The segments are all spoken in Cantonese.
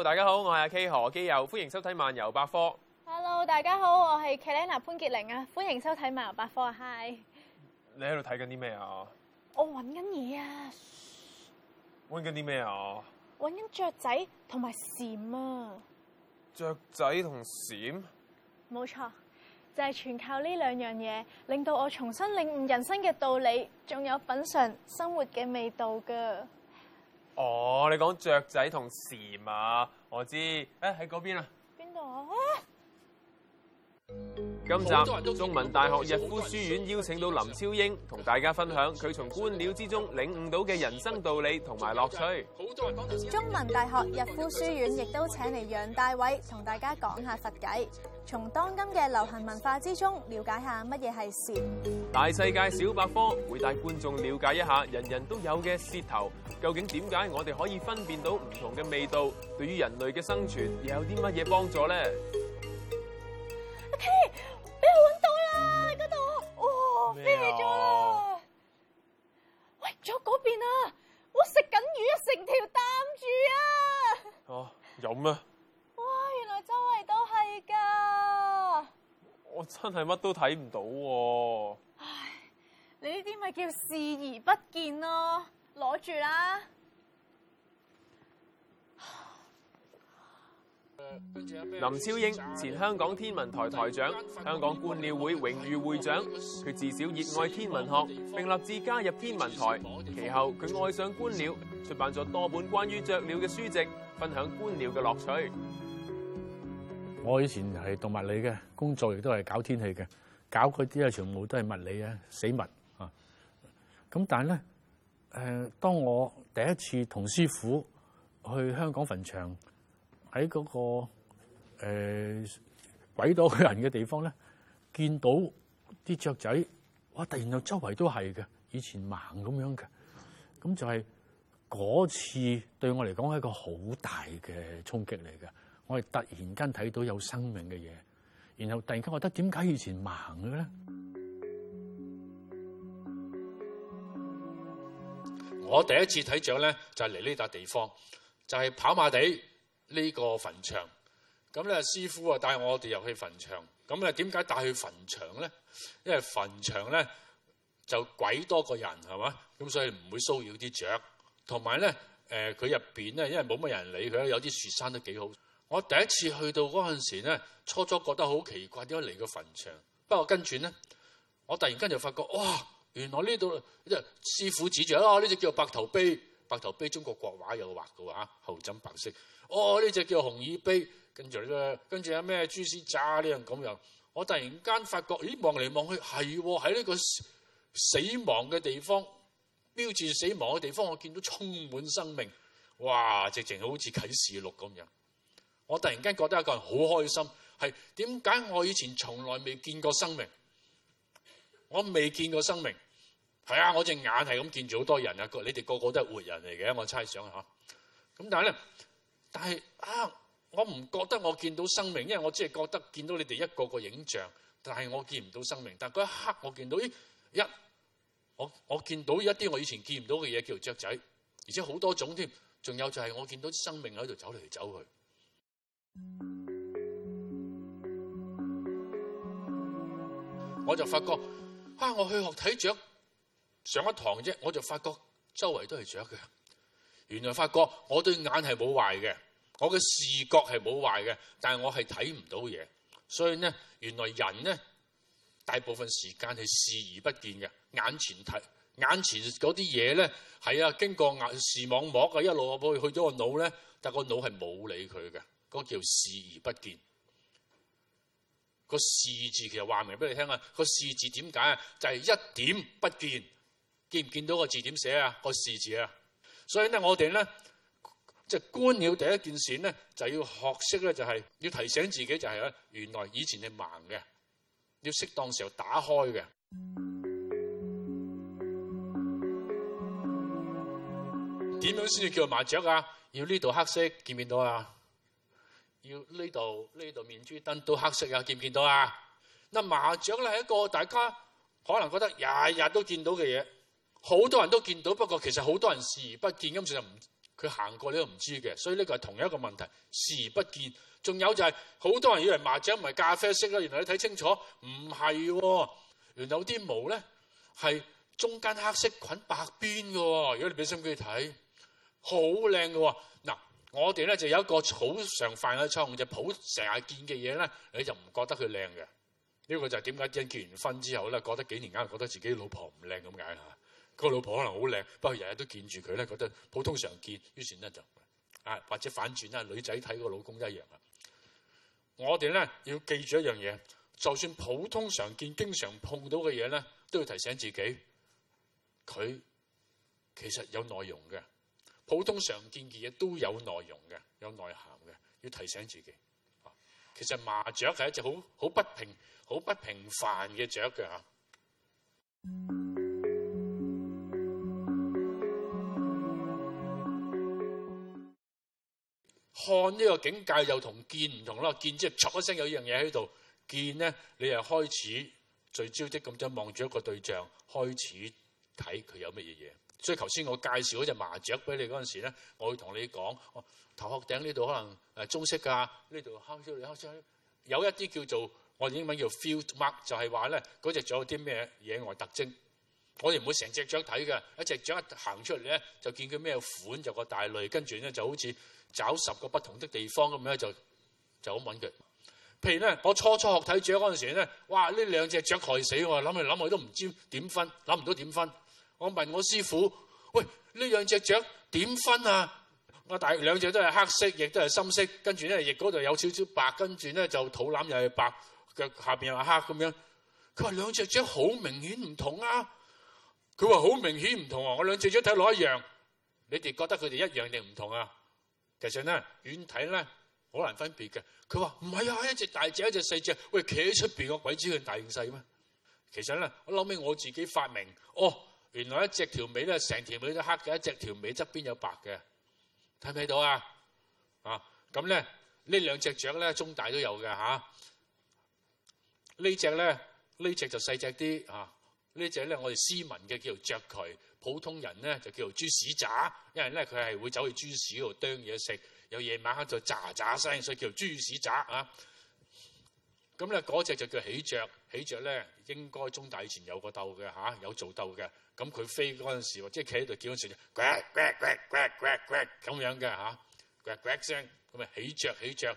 Hello, 大家好，我係阿 K 何基佑，歡迎收睇漫遊百科。Hello，大家好，我係 Kellena 潘潔玲啊，歡迎收睇漫遊百科。Hi，你喺度睇緊啲咩啊？我搵緊嘢啊！搵緊啲咩啊？搵緊雀仔同埋蟬啊！雀仔同蟬？冇錯，就係全靠呢兩樣嘢，令到我重新領悟人生嘅道理，仲有品嘗生活嘅味道噶。哦，你講雀仔同蟬啊，我知，誒、欸，喺嗰邊啊。今集中文大學逸夫書院邀請到林超英同大家分享佢從觀鳥之中領悟到嘅人生道理同埋樂趣。中文大學逸夫書院亦都請嚟楊大偉同大家講下佛偈，從當今嘅流行文化之中了解下乜嘢係舌。大世界小百科，會帶觀眾了解一下人人都有嘅舌頭，究竟點解我哋可以分辨到唔同嘅味道？對於人類嘅生存又有啲乜嘢幫助呢？Okay. 跌咗，喂！左嗰邊啊，我食緊魚，成條擔住啊！哦、啊，有咩？哇！原來周圍都係㗎，我真係乜都睇唔到，啊。唉，你呢啲咪叫視而不見咯，攞住啦！林超英，前香港天文台台長，香港觀鳥會榮譽會長。佢自小熱愛天文學，並立志加入天文台。其後佢愛上觀鳥，出版咗多本關於雀鳥嘅書籍，分享觀鳥嘅樂趣。我以前係讀物理嘅，工作亦都係搞天氣嘅，搞嗰啲啊全部都係物理啊死物啊。咁但係咧，誒、呃，當我第一次同師傅去香港墳場。喺嗰、那個誒、呃、鬼多人嘅地方咧，見到啲雀仔，哇！突然又周圍都係嘅，以前盲咁樣嘅，咁就係嗰次對我嚟講係一個好大嘅衝擊嚟嘅。我係突然間睇到有生命嘅嘢，然後突然間覺得點解以前盲嘅咧？我第一次睇雀咧，就係嚟呢笪地方，就係、是、跑馬地。呢、呢個墳場，咁咧師傅啊帶我哋入去墳場，咁咧點解帶去墳場咧？因為墳場咧就鬼多個人係嘛，咁所以唔會騷擾啲雀，同埋咧誒佢入邊咧，因為冇乜人理佢，有啲樹生得幾好。我第一次去到嗰陣時咧，初初覺得好奇怪點解嚟個墳場，不過跟住咧，我突然間就發覺哇，原來呢度即係師傅指住啊呢隻叫做白頭鵯。白頭鵯中國國畫有畫嘅話，後枕白色。哦，呢隻叫紅耳鵯。跟住咧，跟住有咩豬屎渣呢樣咁樣。我突然間發覺，咦，望嚟望去係喺呢個死亡嘅地方，標誌住死亡嘅地方，我見到充滿生命。哇！直情好似啟示錄咁樣。我突然間覺得一個人好開心。係點解我以前從來未見過生命？我未見過生命。係啊，我隻眼係咁見住好多人啊，你哋個個都係活人嚟嘅，我猜想嚇。咁但係咧，但係啊，我唔覺得我見到生命，因為我只係覺得見到你哋一個個影像，但係我見唔到生命。但嗰一刻我見到，咦一、啊，我我見到一啲我以前見唔到嘅嘢叫做雀仔，而且好多種添。仲有就係我見到啲生命喺度走嚟走去， 我就發覺啊，我去學睇雀。上一堂啫，我就發覺周圍都係雀嘅。原來發覺我對眼係冇壞嘅，我嘅視覺係冇壞嘅，但係我係睇唔到嘢。所以呢，原來人呢，大部分時間係視而不見嘅。眼前睇眼前嗰啲嘢呢，係啊，經過眼視網膜一路去去咗個腦呢，但係個腦係冇理佢嘅。嗰叫視而不見。個視字其實話明俾你聽啊，個視字點解啊？就係一點不見。見唔見到個字點寫啊？個視字啊，所以咧，我哋咧即係觀鳥第一件事咧，就要學識咧、就是，就係要提醒自己就係、是、咧，原來以前係盲嘅，要適當時候打開嘅。點、嗯、樣先至叫麻雀啊？要呢度黑色見唔見到啊？要呢度呢度面珠燈都黑色啊？見唔見到啊？嗱，麻雀咧係一個大家可能覺得日日都見到嘅嘢。好多人都見到，不過其實好多人視而不見。咁其實唔佢行過你都唔知嘅，所以呢個係同一個問題，視而不見。仲有就係、是、好多人以為麻雀唔係咖啡色啦，原來你睇清楚唔係喎，原來有啲毛咧係中間黑色，滾白邊嘅、哦。如果你俾心機睇，好靚嘅喎。嗱，我哋咧就有一個好常犯嘅錯誤，就抱成日見嘅嘢咧，你就唔覺得佢靚嘅。呢、這個就係點解啲人結完婚之後咧，覺得幾年間覺得自己老婆唔靚咁解啊？那個老婆可能好靚，不過日日都見住佢咧，覺得普通常見，於是咧就啊或者反轉啦，女仔睇個老公一樣啊。我哋咧要記住一樣嘢，就算普通常見、經常碰到嘅嘢咧，都要提醒自己，佢其實有內容嘅。普通常見嘅嘢都有內容嘅，有內涵嘅，要提醒自己。啊，其實麻雀係一隻好好不平、好不平凡嘅雀嘅。啊看呢個境界又見同見唔同咯，見即係嚓一聲有樣嘢喺度；見咧，你係開始聚焦的咁樣望住一個對象，開始睇佢有乜嘢嘢。所以頭先我介紹嗰隻麻雀俾你嗰陣時咧，我會同你講、哦、頭殼頂呢度可能誒棕色㗎，呢度敲聲敲聲，有一啲叫做我哋英文叫 field mark，就係話咧嗰隻雀有啲咩野外特徵。我哋唔會成隻雀睇嘅，一隻雀行出嚟咧就見佢咩款，就個大類，跟住咧就好似。找十個不同的地方咁樣就就咁揾佢。譬如咧，我初初學睇雀嗰陣時咧，哇！呢兩隻雀害死我，諗嚟諗去都唔知點分，諗唔到點分。我問我師傅：喂，呢兩隻雀點分啊？我大兩隻都係黑色，亦都係深色。跟住咧，翼嗰度有少少白，跟住咧就肚腩又係白，腳下邊又黑咁樣。佢話兩隻雀好明顯唔同啊！佢話好明顯唔同啊！我兩隻雀睇落一樣，你哋覺得佢哋一樣定唔同啊？其實呢，遠睇呢，好難分別嘅，佢話唔係啊，一隻大隻一隻小隻細隻，喂，企喺出邊個鬼知佢大定細咩？其實呢，我諗起我自己發明，哦，原來一隻條尾咧成條尾都黑嘅，一隻條尾側邊有白嘅，睇唔睇到啊？啊，咁咧呢兩隻雀咧中大都有嘅嚇，啊、這隻呢隻咧，呢隻就細隻啲啊，這隻呢隻咧，我哋斯文嘅叫做鵲鴝。普通人呢就叫做豬屎渣，因為呢，佢係會走去豬屎度啄嘢食，有夜晚黑就喳喳聲，所以叫做豬屎渣啊。咁呢嗰隻就叫喜鵲，喜鵲呢應該中大以前有個竇嘅嚇，有做竇嘅。咁、啊、佢飛嗰陣時，即係企喺度叫嗰時就呱呱呱呱呱呱咁樣嘅嚇，啊、呱，呱，呱呱聲，咁咪喜鵲喜鵲。喜鵲喜鵲。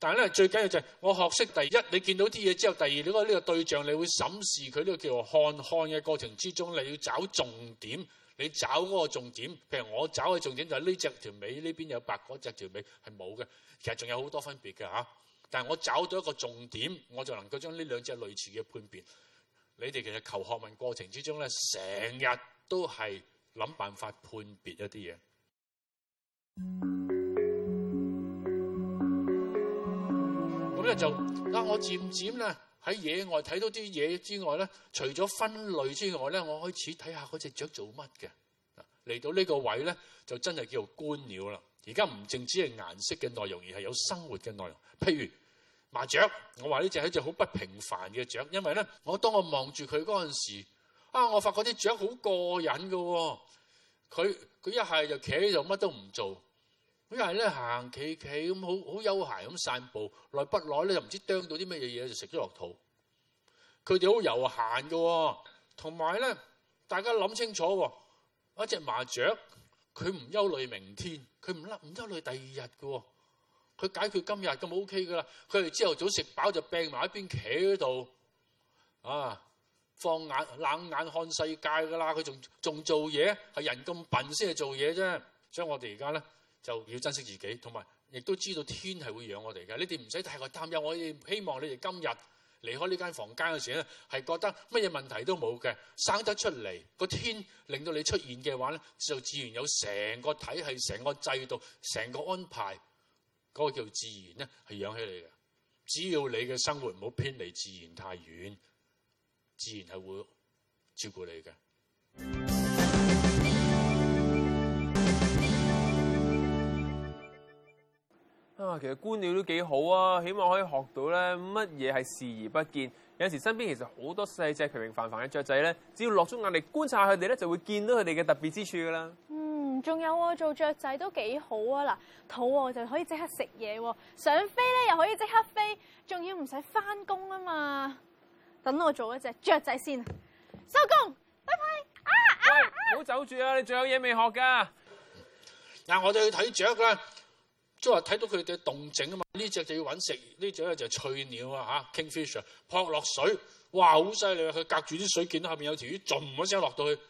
但係咧，最緊要就係我學識第一，你見到啲嘢之後，第二，你覺得呢個對象，你會審視佢呢、呢個叫做看看嘅過程之中，你要找重點，你找嗰個重點。譬如我找嘅重點就係呢隻條尾呢邊有白，嗰隻條尾係冇嘅。其實仲有好多分別嘅嚇、啊。但係我找到一個重點，我就能夠將呢兩隻類似嘅判別。你哋其實求學問過程之中咧，成日都係諗辦法判別一啲嘢。就嗱，我漸漸咧喺野外睇到啲嘢之外咧，除咗分類之外咧，我開始睇下嗰隻雀做乜嘅。嚟到呢個位咧，就真係叫做觀鳥啦。而家唔淨止係顏色嘅內容，而係有生活嘅內容。譬如麻雀，我話呢隻係隻好不平凡嘅雀，因為咧，我當我望住佢嗰陣時，啊，我發覺啲雀好過癮㗎哦。佢佢一係就企喺度，乜都唔做。咁人咧，行企企咁，好好悠閒咁散步。耐不耐咧就唔知啄到啲乜嘢嘢，就食咗落肚。佢哋好悠閒㗎喎、哦，同埋咧大家諗清楚喎、哦，一隻麻雀佢唔憂慮明天，佢唔甩唔憂慮第二日㗎喎，佢解決今日咁 OK 㗎喇。佢哋朝頭早食飽就病埋喺邊企喺度啊，放眼冷眼看世界㗎喇。佢仲仲做嘢係人咁笨先係做嘢啫，所以我哋而家咧。就要珍惜自己，同埋亦都知道天係會養我哋嘅。你哋唔使太過擔憂，我哋希望你哋今日離開呢間房間嘅時咧，係覺得乜嘢問題都冇嘅。生得出嚟個天令到你出現嘅話咧，就自然有成個體系、成個制度、成個安排，個、那個叫自然咧係養起你嘅。只要你嘅生活唔好偏離自然太遠，自然係會照顧你嘅。啊，其實觀鳥都幾好啊，起碼可以學到咧乜嘢係視而不見。有時身邊其實好多細隻平平凡凡嘅雀仔咧，只要落足眼力觀察佢哋咧，就會見到佢哋嘅特別之處㗎啦。嗯，仲有啊，做雀仔都幾好啊！嗱，肚餓就可以即刻食嘢喎，想飛咧又可以即刻飛，仲要唔使翻工啊嘛！等我做一隻雀仔先，收工，拜拜啊！啊！唔好走住啊，你仲有嘢未學㗎？嗱，我哋去睇雀啦。即係話睇到佢嘅動靜啊嘛！呢隻就要揾食，呢隻咧就係翠鳥啊嚇 Kingfisher 撲落水，哇！好犀利啊！佢隔住啲水見到下邊有條魚，噏一聲落到去，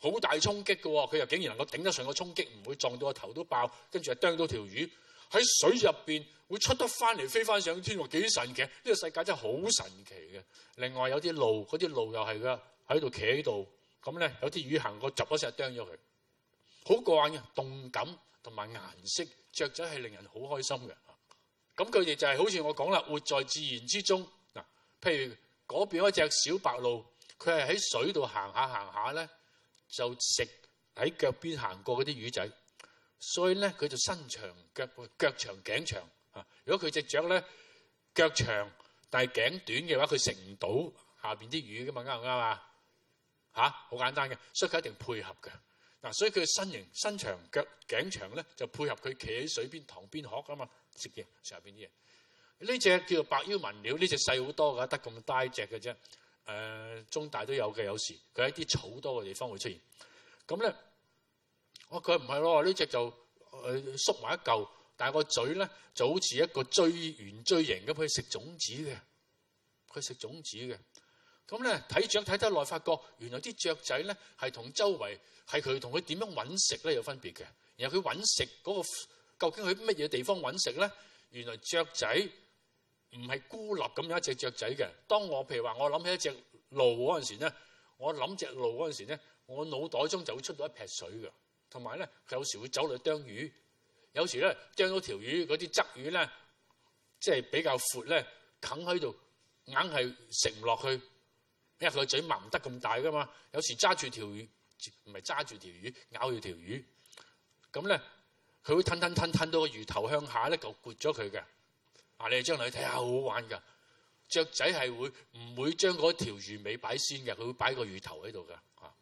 好大衝擊嘅喎。佢又竟然能夠頂得順個衝擊，唔會撞到個頭都爆，跟住就啄到條魚喺水入邊會出得翻嚟飛翻上天喎，幾神奇！呢個世界真係好神奇嘅。另外有啲鷺，嗰啲鷺又係噶喺度企喺度咁咧，有啲魚行過，噏一聲啄咗佢，好過癮嘅動感同埋顏色。雀仔係令人好開心嘅嚇，咁佢哋就係好似我講啦，活在自然之中嗱。譬如嗰邊嗰隻小白鷺，佢係喺水度行下行下咧，就食喺腳邊行過嗰啲魚仔，所以咧佢就身長腳腳長頸長嚇。如果佢隻雀咧腳長但係頸短嘅話，佢食唔到下邊啲魚㗎嘛啱唔啱啊？嚇，好簡單嘅，所以佢一定配合嘅。嗱，所以佢身形身長腳頸長咧，就配合佢企喺水邊塘邊殼㗎嘛，食嘢上下邊啲嘢。呢隻叫做白腰文鳥，呢隻細好多㗎，得咁大隻嘅啫。誒，中大都有嘅，有時佢喺啲草多嘅地方會出現。咁咧，哦，佢唔係咯，呢隻就誒、呃、縮埋一嚿，但係個嘴咧就好似一個錐圓錐形咁，佢食種子嘅，佢食種子嘅。咁咧睇雀睇得耐，發覺原來啲雀仔咧係同周圍係佢同佢點樣揾食咧有分別嘅。然後佢揾食嗰個，究竟喺乜嘢地方揾食咧？原來雀仔唔係孤立咁樣一隻雀仔嘅。當我譬如話我諗起一隻鷺嗰陣時咧，我諗隻鷺嗰陣時咧，我腦袋中就會出到一撇水嘅，同埋咧，佢有時會走落去啄魚，有時咧啄到條魚嗰啲鯽魚咧，即係比較闊咧，啃喺度硬係食唔落去。因為佢嘴擘唔得咁大噶嘛，有時揸住條魚唔係揸住條魚咬住條魚咁咧，佢會吞吞吞吞到個魚頭向下咧，就割咗佢嘅。嗱，你哋將來睇下，好好玩噶，雀仔係會唔會將嗰條魚尾擺先嘅？佢會擺個魚頭喺度噶嚇，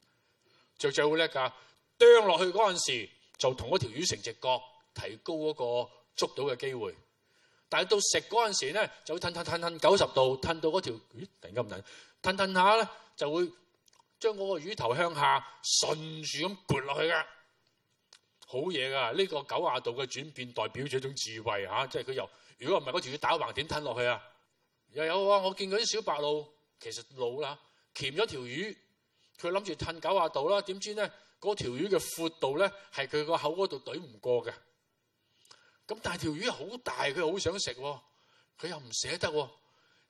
雀仔好叻㗎，啄、啊、落去嗰陣時就同嗰條魚成直角，提高嗰個捉到嘅機會。但係到食嗰陣時咧，就會吞吞吞吞九十度，吞到嗰條魚突然間唔緊。騰騰下咧，就會將嗰個魚頭向下順住咁攣落去嘅，好嘢㗎！呢、這個九十度嘅轉變代表咗一種智慧嚇、啊，即係佢又，如果唔係嗰條魚打橫點騰落去啊？又有啊！我見嗰啲小白鷺其實老啦，鉗咗條魚，佢諗住騰九十度啦，點知咧嗰條魚嘅闊度咧係佢個口嗰度懟唔過嘅。咁但係條魚好大，佢好想食，佢又唔捨得，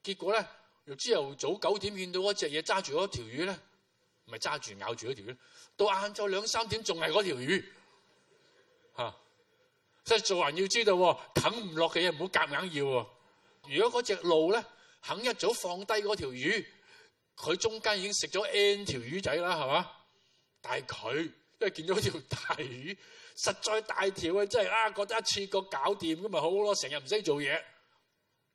結果咧。朝頭早九點見到嗰隻嘢揸住嗰條魚咧，咪揸住咬住嗰條魚咧。到晏晝兩三點仲係嗰條魚，即、啊、所以做人要知道，啃唔落嘅嘢唔好夾硬要。如果嗰隻鷺咧肯一早放低嗰條魚，佢中間已經食咗 N 條魚仔啦，係嘛？但係佢因為見到條大魚，實在大條啊，真係啊覺得一次過搞掂咁咪好咯，成日唔識做嘢。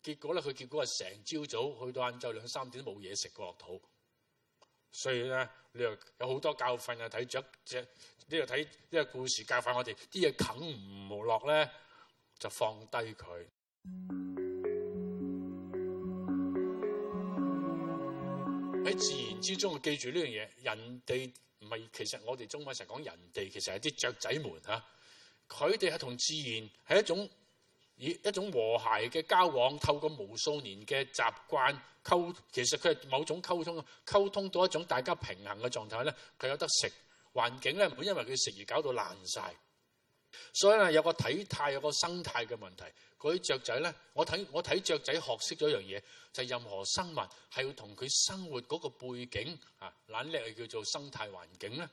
結果咧，佢結果係成朝早，早去到晏晝兩三點都冇嘢食過落肚，所以咧你又有好多教訓啊！睇雀雀，你又睇呢個故事教訓我哋，啲嘢啃唔落咧就放低佢。喺、嗯、自然之中，記住呢樣嘢，人哋唔係，其實我哋中文成日講人哋，其實係啲雀仔們嚇，佢哋係同自然係一種。以一種和諧嘅交往，透過無數年嘅習慣溝，其實佢係某種溝通，溝通到一種大家平衡嘅狀態呢，佢有得食，環境呢唔會因為佢食而搞到爛晒。所以呢，有個體態、有個生態嘅問題，嗰啲雀仔呢，我睇我睇雀仔學識咗一樣嘢，就係、是、任何生物係要同佢生活嗰個背景啊，懶叻係叫做生態環境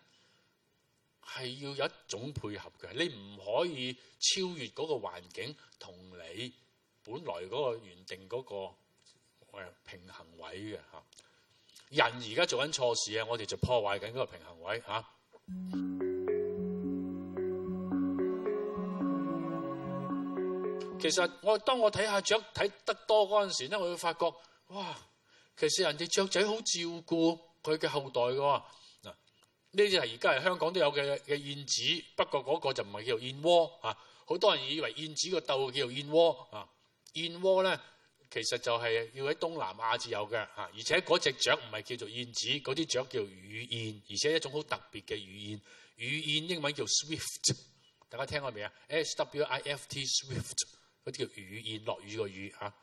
係要有一種配合嘅，你唔可以超越嗰個環境同你本來嗰個原定嗰、那個呃啊、個平衡位嘅嚇。人而家做緊錯事啊，我哋就破壞緊嗰個平衡位嚇。其實我當我睇下雀睇得多嗰陣時咧，我就發覺哇，其實人哋雀仔好照顧佢嘅後代嘅。呢啲係而家係香港都有嘅嘅燕子，不過嗰個就唔係叫做燕窩嚇。好多人以為燕子個竇叫做燕窩啊，燕窩咧其實就係要喺東南亞至有嘅嚇、啊，而且嗰隻雀唔係叫做燕子，嗰啲雀叫雨燕，而且一種好特別嘅雨燕。雨燕英文叫 swift，大家聽過未啊？S W I F T swift 嗰啲叫雨燕，落雨個雨嚇。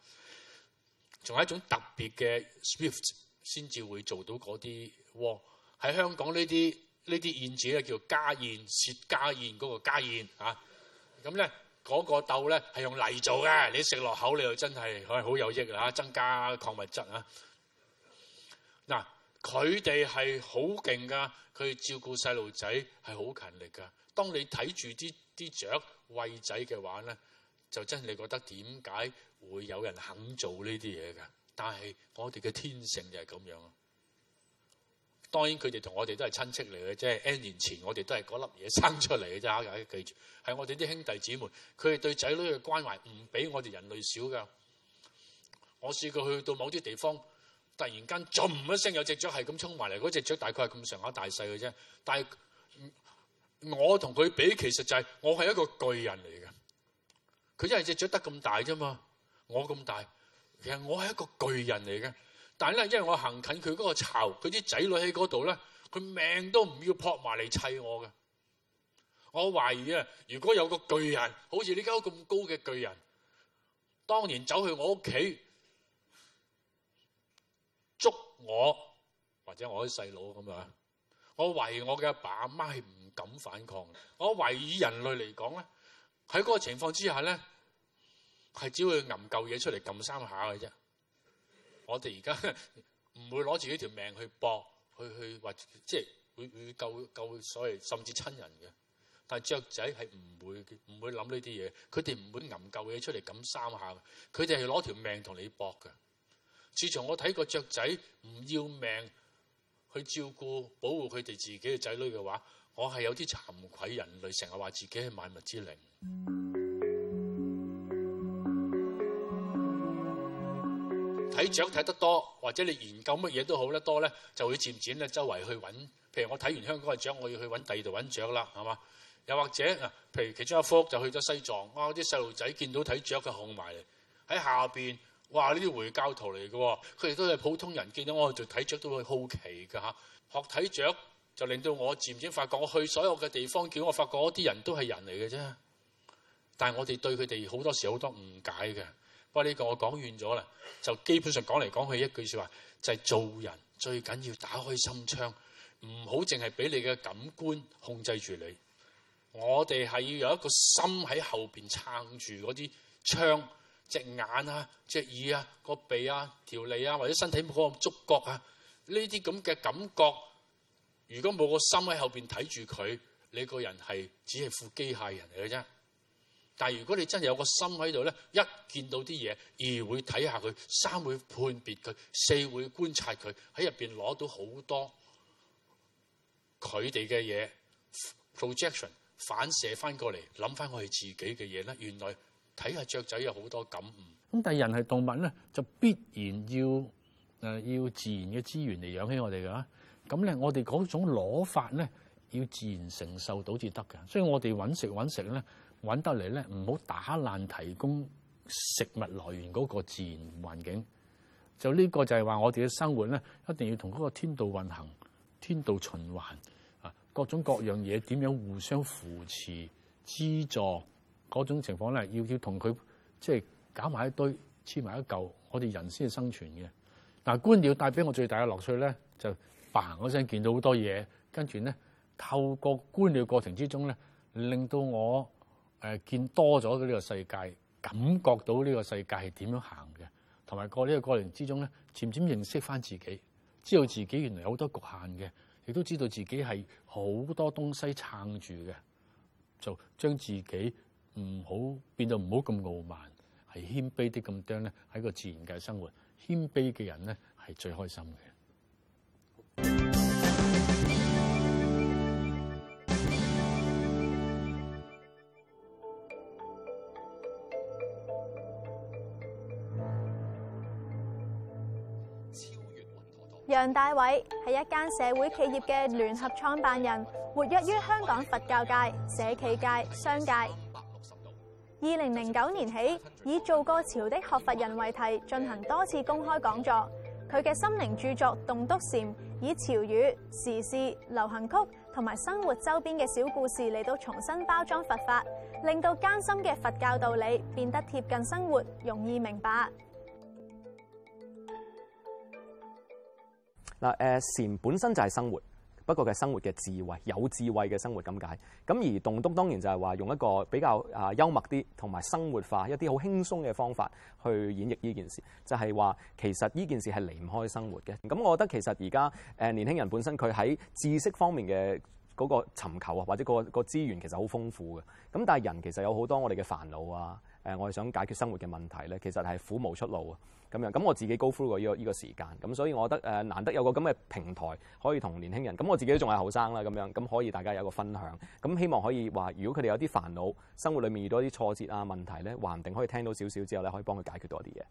仲、啊、有一種特別嘅 swift 先至會做到嗰啲窩。喺香港這些這些燕子呢啲呢啲燕子咧叫家燕，薛家燕嗰個家燕吓，咁咧嗰個竇咧係用泥做嘅，你食落口你就真係，係係好有益啦嚇、啊，增加礦物質啊！嗱、啊，佢哋係好勁噶，佢照顧細路仔係好勤力噶。當你睇住啲啲雀餵仔嘅話咧，就真係，你覺得點解會有人肯做呢啲嘢嘅？但係我哋嘅天性就係咁樣樣。當然佢哋同我哋都係親戚嚟嘅，即係 N 年前我哋都係嗰粒嘢生出嚟嘅啫。大家記住，係我哋啲兄弟姊妹，佢哋對仔女嘅關懷唔比我哋人類少㗎。我試過去到某啲地方，突然間噏一聲有隻雀係咁衝埋嚟，嗰隻雀大概係咁上下大細嘅啫。但係我同佢比，其實就係、是、我係一個巨人嚟嘅。佢因為隻雀得咁大啫嘛，我咁大，其實我係一個巨人嚟嘅。但係咧，因為我行近佢嗰個巢，佢啲仔女喺嗰度咧，佢命都唔要撲埋嚟砌我嘅。我懷疑啊，如果有個巨人，好似呢間屋咁高嘅巨人，當年走去我屋企捉我或者我啲細佬咁樣，我懷疑我嘅阿爸阿媽係唔敢反抗。我懷疑人類嚟講咧，喺嗰個情況之下咧，係只會揞嚿嘢出嚟撳三下嘅啫。我哋而家唔會攞自己條命去搏，去去或即係會會救救所謂甚至親人嘅。但雀仔係唔會唔會諗呢啲嘢，佢哋唔會揞舊嘢出嚟咁三下。佢哋係攞條命同你搏㗎。自從我睇過雀仔唔要命去照顧保護佢哋自己嘅仔女嘅話，我係有啲慚愧。人類成日話自己係萬物之靈。睇雀睇得多，或者你研究乜嘢都好得多咧，就會漸漸咧周圍去揾。譬如我睇完香港嘅雀，我要去揾第二度揾雀啦，係嘛？又或者，譬如其中一幅就去咗西藏，啊、哇！啲細路仔見到睇雀嘅控埋嚟，喺下邊哇！呢啲回教徒嚟嘅，佢哋都係普通人，見到我去做睇雀都會好奇㗎嚇。學睇雀就令到我漸漸發覺，我去所有嘅地方，叫我發覺啲人都係人嚟嘅啫。但係我哋對佢哋好多時好多誤解嘅。不過呢個我講完咗啦，就基本上講嚟講去一句説話，就係、是、做人最緊要打開心窗，唔好淨係俾你嘅感官控制住你。我哋係要有一個心喺後邊撐住嗰啲窗，隻眼啊、隻耳啊、個、啊、鼻啊、條脷啊，或者身體嗰個觸覺啊，呢啲咁嘅感覺，如果冇個心喺後邊睇住佢，你個人係只係副機械人嚟嘅啫。但係，如果你真係有個心喺度咧，一見到啲嘢，二會睇下佢，三會判別佢，四會觀察佢，喺入邊攞到好多佢哋嘅嘢 projection 反射翻過嚟，諗翻我哋自己嘅嘢咧。原來睇下雀仔有好多感悟。咁但係人係動物咧，就必然要誒、呃、要自然嘅資源嚟養起我哋噶。咁咧，我哋嗰種攞法咧，要自然承受到至得嘅。所以我哋揾食揾食咧。揾得嚟咧，唔好打爛提供食物來源嗰個自然環境。就呢個就係話，我哋嘅生活咧，一定要同嗰個天道運行、天道循環啊，各種各樣嘢點樣互相扶持、資助嗰種情況咧，要要同佢即係搞埋一堆黐埋一嚿，我哋人先生存嘅嗱。觀鳥帶俾我最大嘅樂趣咧，就行嗰陣見到好多嘢，跟住咧透過觀鳥過程之中咧，令到我。誒見多咗呢個世界，感覺到呢個世界係點樣行嘅，同埋過呢個過程之中咧，漸漸認識翻自己，知道自己原來有好多局限嘅，亦都知道自己係好多東西撐住嘅，就將自己唔好變到唔好咁傲慢，係謙卑啲咁多咧，喺個自然界生活，謙卑嘅人咧係最開心嘅。梁大偉係一間社會企業嘅聯合創辦人，活躍於香港佛教界、社企界、商界。二零零九年起，以做過潮的學佛人為題，進行多次公開講座。佢嘅心靈著作《動督禪》，以潮語、時事、流行曲同埋生活周邊嘅小故事嚟到重新包裝佛法，令到艱深嘅佛教道理變得貼近生活，容易明白。嗱，誒禪本身就係生活，不過嘅生活嘅智慧，有智慧嘅生活咁解。咁而棟篤當然就係話用一個比較啊幽默啲同埋生活化一啲好輕鬆嘅方法去演繹呢件事，就係、是、話其實呢件事係離唔開生活嘅。咁我覺得其實而家誒年輕人本身佢喺知識方面嘅嗰個尋求啊，或者個個資源其實好豐富嘅。咁但係人其實有好多我哋嘅煩惱啊。誒，我係想解決生活嘅問題咧，其實係苦無出路啊，咁樣。咁我自己 go through 過呢個依個時間，咁所以我覺得誒，難得有個咁嘅平台可以同年輕人。咁我自己都仲係後生啦，咁樣，咁可以大家有個分享。咁希望可以話，如果佢哋有啲煩惱，生活裏面遇到啲挫折啊問題咧，話唔定可以聽到少少之後咧，可以幫佢解決多啲嘢。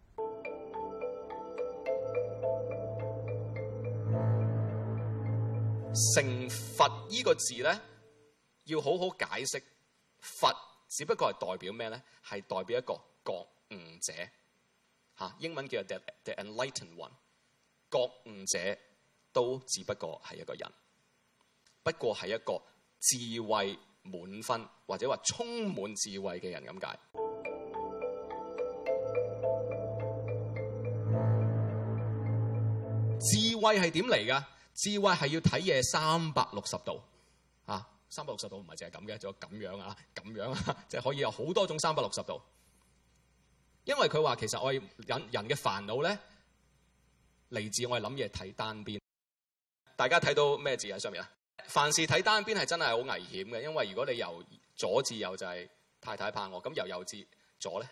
成佛呢個字咧，要好好解釋佛。只不過係代表咩咧？係代表一個覺悟者，嚇，英文叫 the the enlightened one。覺悟者都只不過係一個人，不過係一個智慧滿分或者話充滿智慧嘅人咁解。 智慧係點嚟㗎？智慧係要睇嘢三百六十度。三百六十度唔係淨係咁嘅，仲有咁樣啊，咁樣啊，即係可以有好多種三百六十度。因為佢話其實我哋人人嘅煩惱咧，嚟自我哋諗嘢睇單邊。大家睇到咩字喺上面啊？凡事睇單邊係真係好危險嘅，因為如果你由左至右就係太太怕我，咁由右至左咧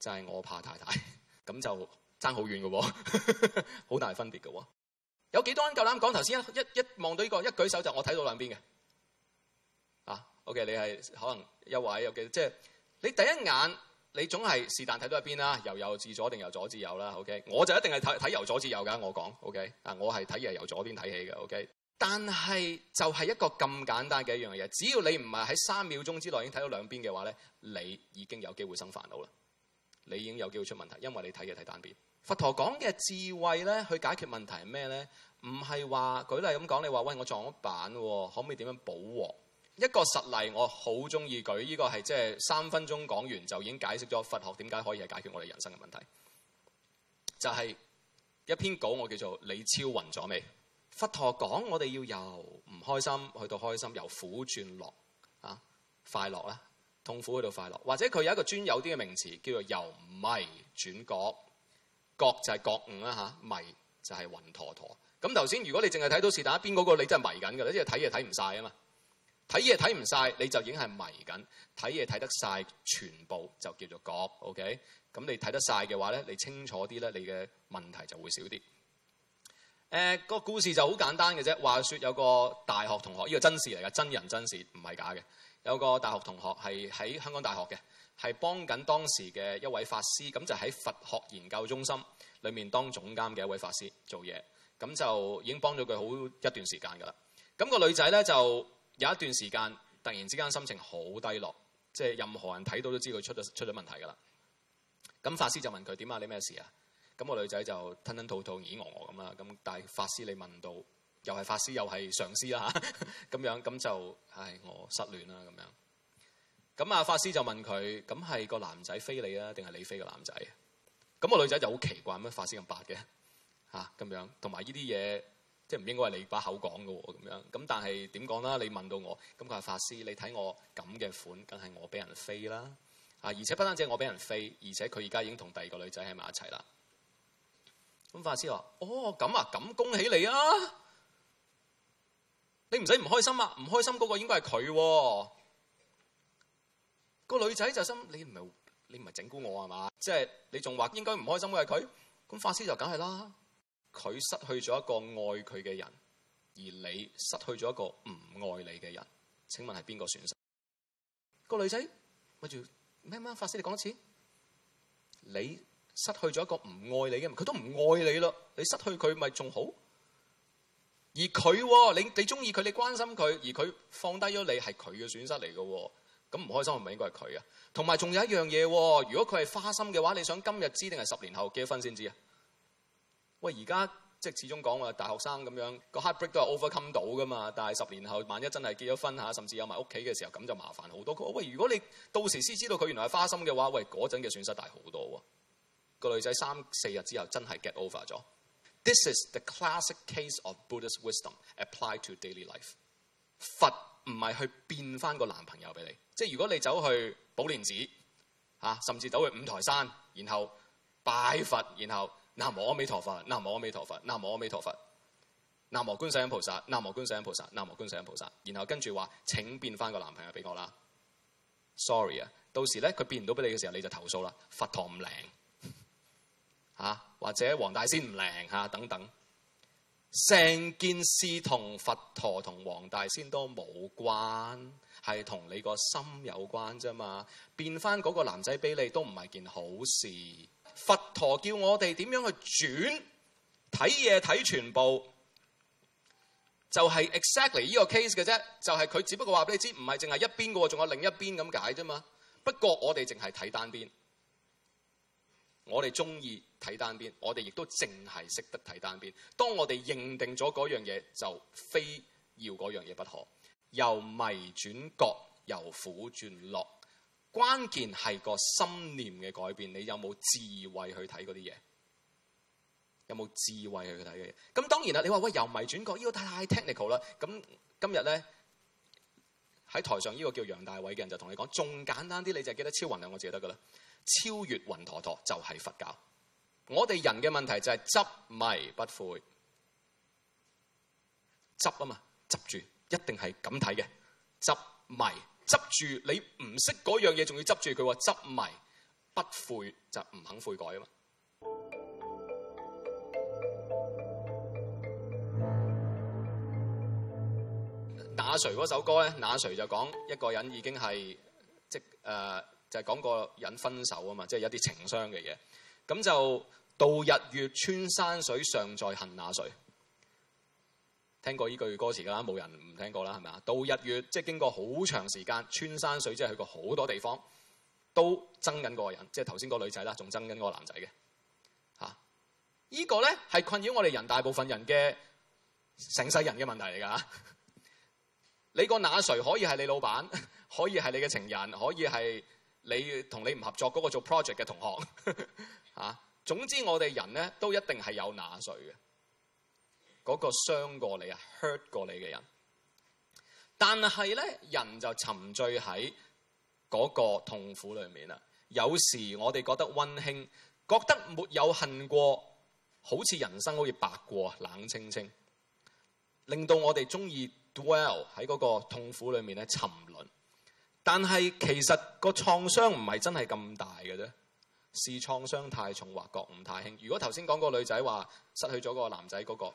就係我怕太太，咁就爭好遠嘅喎，好 大分別嘅喎。有幾多人夠膽講頭先一一一望到呢個一舉手就我睇到兩邊嘅？OK，你係可能一位 OK，即係你第一眼你總係是但睇到一邊啦，由右至左定由左至右啦。OK，我就一定係睇睇由左至右㗎。我講 OK 啊，我係睇嘢由左邊睇起㗎。OK，但係就係一個咁簡單嘅一樣嘢，只要你唔係喺三秒鐘之內已經睇到兩邊嘅話咧，你已經有機會生煩惱啦。你已經有機會出問題，因為你睇嘢睇單邊。佛陀講嘅智慧咧，去解決問題係咩咧？唔係話舉例咁講，你話喂我撞咗板喎，可唔可以點樣補鑊？一個實例，我好中意舉，呢個係即係三分鐘講完就已經解釋咗佛學點解可以係解決我哋人生嘅問題。就係一篇稿，我叫做李超暈咗未？佛陀講，我哋要由唔開心去到開心，由苦轉樂啊，快樂啦，痛苦去到快樂。或者佢有一個專有啲嘅名詞，叫做由迷轉覺，覺就係覺悟啦嚇，迷就係暈陀陀。咁頭先，如果你淨係睇到是但一邊嗰個，你真係迷緊㗎，即係睇嘢睇唔晒啊嘛。睇嘢睇唔晒，你就已經係迷緊。睇嘢睇得晒，全部就，就叫做覺，OK，咁你睇得晒嘅話呢，你清楚啲呢，你嘅問題就會少啲。誒、呃個故事就好簡單嘅啫。話說有個大學同學，呢、呢個真事嚟㗎，真人真事唔係假嘅。有個大學同學係喺香港大學嘅，係幫緊當時嘅一位法師咁就喺佛學研究中心裏面當總監嘅一位法師做嘢，咁就已經幫咗佢好一段時間噶啦。咁、個女仔呢，就。有一段時間，突然之間心情好低落，即係任何人睇到都知佢出咗出咗問題㗎喇。咁法師就問佢：點啊？你咩事啊？咁個女仔就吞吞吐吐、咦耳我鵲咁啦。咁、呃呃呃、但係法師你問到，又係法師，又係上司啦，咁、啊、樣咁就唉，我失戀啦咁樣。咁啊，法師就問佢：咁係個男仔飛你啊，定係你飛個男仔？咁個女仔就好奇怪，咩法師咁白嘅？吓、啊、咁樣，同埋呢啲嘢。即唔應該係你把口講嘅喎，咁樣咁但係點講啦？你問到我，咁佢係法師，你睇我咁嘅款，梗係我俾人飛啦！啊，而且不單止我俾人飛，而且佢而家已經同第二個女仔喺埋一齊啦。咁法師話：哦，咁啊，咁恭喜你啊！你唔使唔開心啊，唔開心嗰個應該係佢。個女仔就心：你唔係你唔係整蠱我係嘛？即係你仲話應該唔開心嘅係佢？咁法師就梗係啦。佢失去咗一個愛佢嘅人，而你失去咗一個唔愛你嘅人。請問係邊個損失？個女仔咪住，咩啱？法師，你講一次。你失去咗一個唔愛你嘅，佢都唔愛你咯。你失去佢咪仲好？而佢你你中意佢，你關心佢，而佢放低咗你，係佢嘅損失嚟嘅。咁唔開心是是，係咪應該係佢啊？同埋仲有一樣嘢，如果佢係花心嘅話，你想今日知定係十年後結婚先知啊？喂，而家即係始終講話大學生咁樣個 heartbreak 都係 overcome 到㗎嘛？但係十年後萬一真係結咗婚吓，甚至有埋屋企嘅時候，咁就麻煩好多。喂，如果你到時先知道佢原來係花心嘅話，喂，嗰陣嘅損失大好多喎，啊。個女仔三四日之後真係 get over 咗。This is the classic case of Buddhist wisdom applied to daily life。佛唔係去變返個男朋友俾你，即係如果你走去寶蓮寺吓，甚至走去五台山，然後拜佛，然後。南無阿彌陀佛，南無阿彌陀佛，南無阿彌陀佛，南無觀世音菩薩，南無觀世音菩薩，南無觀世音菩薩。然後跟住話：請變翻個男朋友俾我啦。Sorry 啊，到時咧佢變唔到俾你嘅時候，你就投訴啦。佛陀唔靈，嚇或者黃大仙唔靈嚇等等。成件事同佛陀同黃大仙都冇關，係同你個心有關啫嘛。變翻嗰個男仔俾你都唔係件好事。佛陀叫我哋點樣去轉睇嘢睇全部，就係 exactly 呢個 case 嘅啫。就係佢只不過話俾你知，唔係淨係一邊嘅喎，仲有另一邊咁解啫嘛。不過我哋淨係睇單邊，我哋中意睇單邊，我哋亦都淨係識得睇單邊。當我哋認定咗嗰樣嘢，就非要嗰樣嘢不可。由迷轉覺，由苦轉樂。關鍵係個心念嘅改變，你有冇智慧去睇嗰啲嘢？有冇智慧去睇嘅嘢？咁當然啦，你話喂，由迷轉覺，呢、呢個太 technical 啦。咁今日咧，喺台上呢個叫楊大偉嘅人就同你講，仲簡單啲，你就記得超雲兩個字就得㗎啦。超越雲陀陀就係佛教。我哋人嘅問題就係、是、執迷不悔，執啊嘛執住，一定係咁睇嘅執迷。執住你唔識嗰樣嘢，仲要執住佢話執迷不悔就唔、是、肯悔改啊嘛！ 那誰嗰首歌咧？那誰就講一個人已經係即誒，就係、是、講、呃就是、個人分手啊嘛，即係有啲情傷嘅嘢。咁就到日月穿山水尚在恨那誰。聽過呢句歌詞㗎啦，冇人唔聽過啦，係咪啊？到日月，即係經過好長時間，穿山水，即係去過好多地方，都憎緊嗰個人，即係頭先嗰個女仔啦，仲憎緊嗰個男仔嘅，嚇！依個咧係困擾我哋人大部分人嘅成世人嘅問題嚟㗎。你個那誰可以係你老闆，可以係你嘅情人，可以係你同你唔合作嗰個做 project 嘅同學，嚇、啊！總之我哋人咧都一定係有那誰嘅。嗰個傷過你啊，hurt 過你嘅人，但係咧，人就沉醉喺嗰個痛苦裏面啦。有時我哋覺得温馨，覺得沒有恨過，好似人生好似白過，冷清清，令到我哋中意 dwell 喺嗰個痛苦裏面咧沉淪。但係其實個創傷唔係真係咁大嘅啫，是創傷太重或覺唔太輕。如果頭先講個女仔話失去咗個男仔嗰個。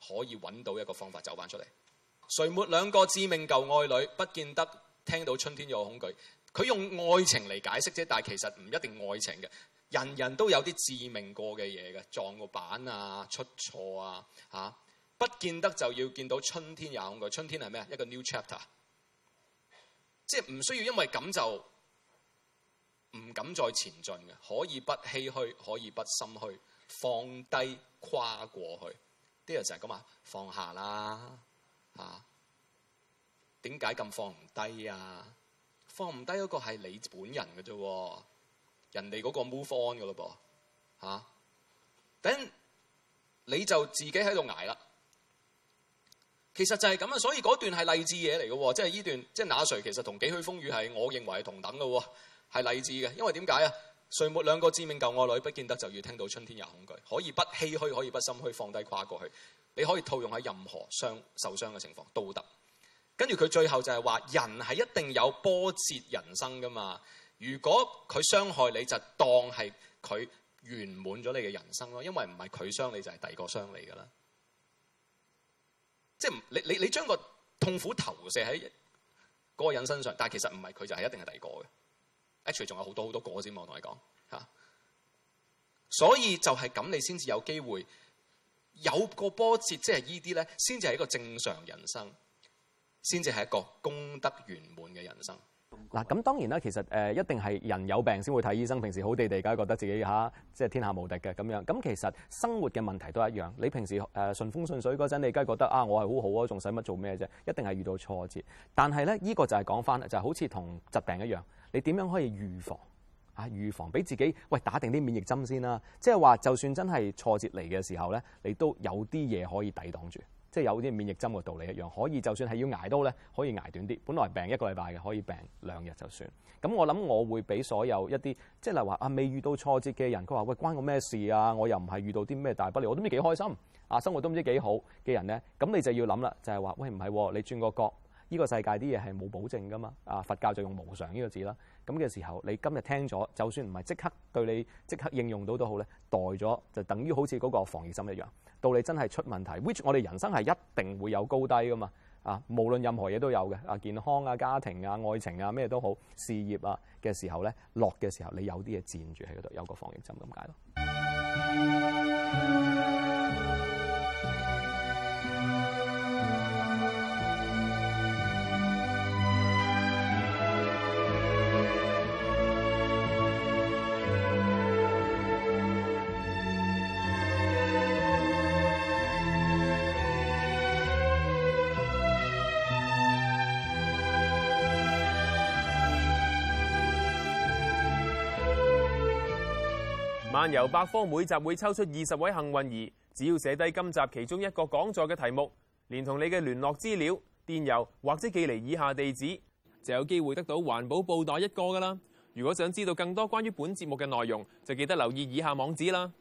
可以揾到一個方法走翻出嚟。誰沒兩個致命舊愛侶，不見得聽到春天有恐懼。佢用愛情嚟解釋啫，但係其實唔一定愛情嘅。人人都有啲致命過嘅嘢嘅撞個板啊，出錯啊，吓，不見得就要見到春天有恐懼。春天係咩啊？一個 new chapter，即係唔需要因為咁就唔敢再前進嘅，可以不唏噓，可以不心虛，放低跨過去。啲人成日講話放下啦，吓，點解咁放唔低啊？放唔低嗰個係你本人嘅啫，人哋嗰個 move on 嘅咯噃，等、啊、你就自己喺度捱啦。其實就係咁啊，所以嗰段係勵志嘢嚟嘅喎，即係呢段即係那誰其實同幾許風雨係我認為同等嘅喎，係勵志嘅，因為點解啊？誰沒兩個致命舊愛女，不見得就要聽到春天也恐懼。可以不唏噓，可以不心虛，放低跨過去。你可以套用喺任何傷受傷嘅情況都得。跟住佢最後就係話：人係一定有波折人生噶嘛。如果佢傷害你，就當係佢圓滿咗你嘅人生咯。因為唔係佢傷你，就係、是、第二個傷你噶啦。即係你你你將個痛苦投射喺嗰個人身上，但其實唔係佢，就係、是、一定係第二個嘅。actually 仲有好多好多個先嘛，我同你講嚇、啊，所以就係咁，你先至有機會有個波折，即係呢啲咧，先至係一個正常人生，先至係一個功德圓滿嘅人生嗱。咁當然啦，其實誒一定係人有病先會睇醫生。平時好地地，梗係覺得自己嚇即係天下無敵嘅咁樣。咁其實生活嘅問題都一樣。你平時誒順風順水嗰陣，你梗係覺得啊，我係好好啊，仲使乜做咩啫？一定係遇到挫折。但係咧，呢個就係講翻就係好似同疾病一樣。你點樣可以預防啊？預防俾自己喂打定啲免疫針先啦、啊。即係話，就算真係挫折嚟嘅時候呢，你都有啲嘢可以抵擋住，即係有啲免疫針嘅道理一樣。可以就算係要挨刀呢，可以挨短啲。本來病一個禮拜嘅，可以病兩日就算。咁我諗，我會俾所有一啲即係話啊，未遇到挫折嘅人，佢話喂關我咩事啊？我又唔係遇到啲咩大不利，我都唔知幾開心啊，生活都唔知幾好嘅人呢，咁你就要諗啦，就係、是、話喂唔係、啊，你轉個角。呢個世界啲嘢係冇保證㗎嘛，啊佛教就用無常呢個字啦。咁嘅時候，你今日聽咗，就算唔係即刻對你即刻應用到都好咧，待咗就等於好似嗰個防疫針一樣。到你真係出問題，which 我哋人生係一定會有高低㗎嘛，啊無論任何嘢都有嘅，啊健康啊、家庭啊、愛情啊咩都好，事業啊嘅時候咧落嘅時候，你有啲嘢佔住喺嗰度，有個防疫針咁解咯。嗯由百科，每集會抽出二十位幸運兒，只要寫低今集其中一個講座嘅題目，連同你嘅聯絡資料、電郵或者寄嚟以下地址，就有機會得到環保布袋一個㗎喇。如果想知道更多關於本節目嘅內容，就記得留意以下網址啦。